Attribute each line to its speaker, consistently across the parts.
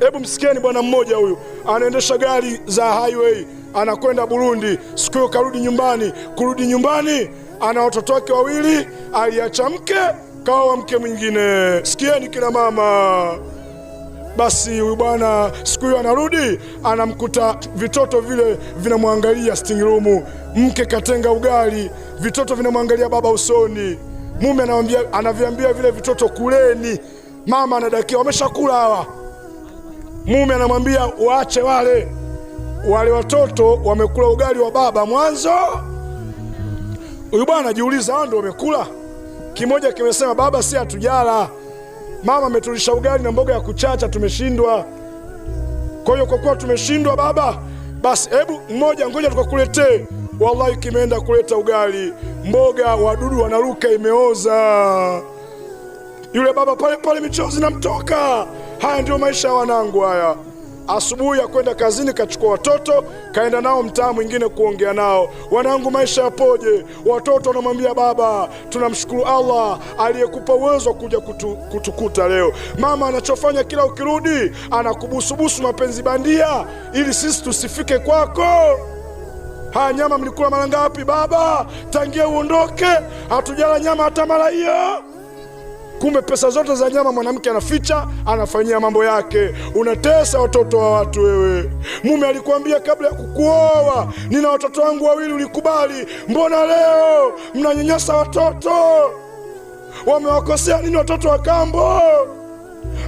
Speaker 1: Hebu msikieni bwana mmoja huyu, anaendesha gari za highway, anakwenda Burundi. Siku hiyo karudi nyumbani, kurudi nyumbani, ana watoto wake wawili, aliacha mke, kawa mke mwingine. Sikieni kina mama. Basi huyu bwana siku hiyo anarudi, anamkuta vitoto vile vinamwangalia sitting room, mke katenga ugali, vitoto vinamwangalia baba usoni. Mume anaviambia vile vitoto, kuleni, mama anadakia, wameshakula hawa Mume anamwambia waache wale wale, watoto wamekula ugali wa baba mwanzo. Huyu bwana anajiuliza, hao ndio wamekula? Kimoja kimesema baba, si hatujala, mama ametulisha ugali na mboga ya kuchacha, tumeshindwa. Kwa hiyo kwa kuwa tumeshindwa baba, basi hebu mmoja, ngoja tukakuletee. Wallahi, kimeenda kuleta ugali, mboga, wadudu wanaruka, imeoza. Yule baba pale pale michozi namtoka. Haya ndiyo maisha ya wanangu haya. Asubuhi ya kwenda kazini, kachukua watoto kaenda nao mtaa mwingine kuongea nao, wanangu, maisha yapoje? Watoto wanamwambia baba, tunamshukuru Allah aliyekupa uwezo wa kuja kutu, kutukuta leo. Mama anachofanya kila ukirudi anakubusubusu mapenzi bandia ili sisi tusifike kwako. Haya, nyama mlikula mara ngapi baba? Tangia uondoke hatujala nyama hata mara hiyo. Kumbe pesa zote za nyama mwanamke anaficha, anafanyia mambo yake. Unatesa watoto wa watu wewe. Mume alikuambia kabla ya kukuoa, nina watoto wangu wawili, ulikubali. Mbona leo mnanyanyasa watoto? Wamewakosea nini watoto wa kambo?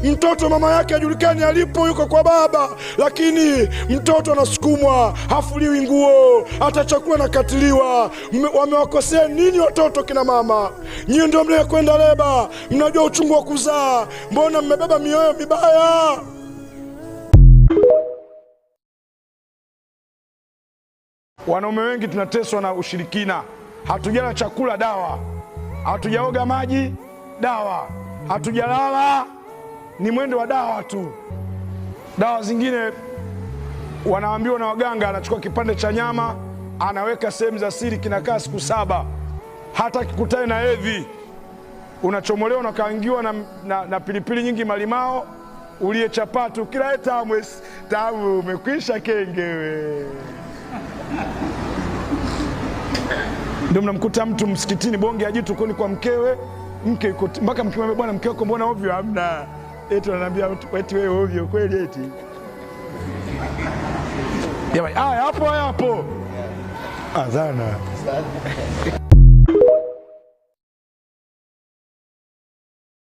Speaker 1: Mtoto mama yake hajulikani alipo, yuko kwa baba, lakini mtoto anasukumwa, hafuliwi nguo, hata chakula nakatiliwa. Wamewakosea nini watoto? Kina mama nyiwe ndio kwenda leba, mnajua uchungu wa kuzaa, mbona mmebeba mioyo mibaya?
Speaker 2: Wanaume wengi tunateswa na ushirikina, hatujala chakula dawa, hatujaoga maji dawa, hatujalala ni mwendo wa dawa tu. Dawa zingine wanaambiwa na waganga, anachukua kipande cha nyama anaweka sehemu za siri, kinakaa siku saba, hata kikutane na hevi. Unachomolewa, unakaangiwa na, na, na pilipili nyingi, malimao ulie chapatu, kila tamu tamu, umekwisha kengewe. Ndio mnamkuta mtu msikitini, bonge ya jitu kuni kwa mkewe, mke mpaka mkimwambia, bwana mke wako mbona ovyo? Hamna eti wananiambia eti wewe ovyo kweli eti jamani haya hapo hapo azana.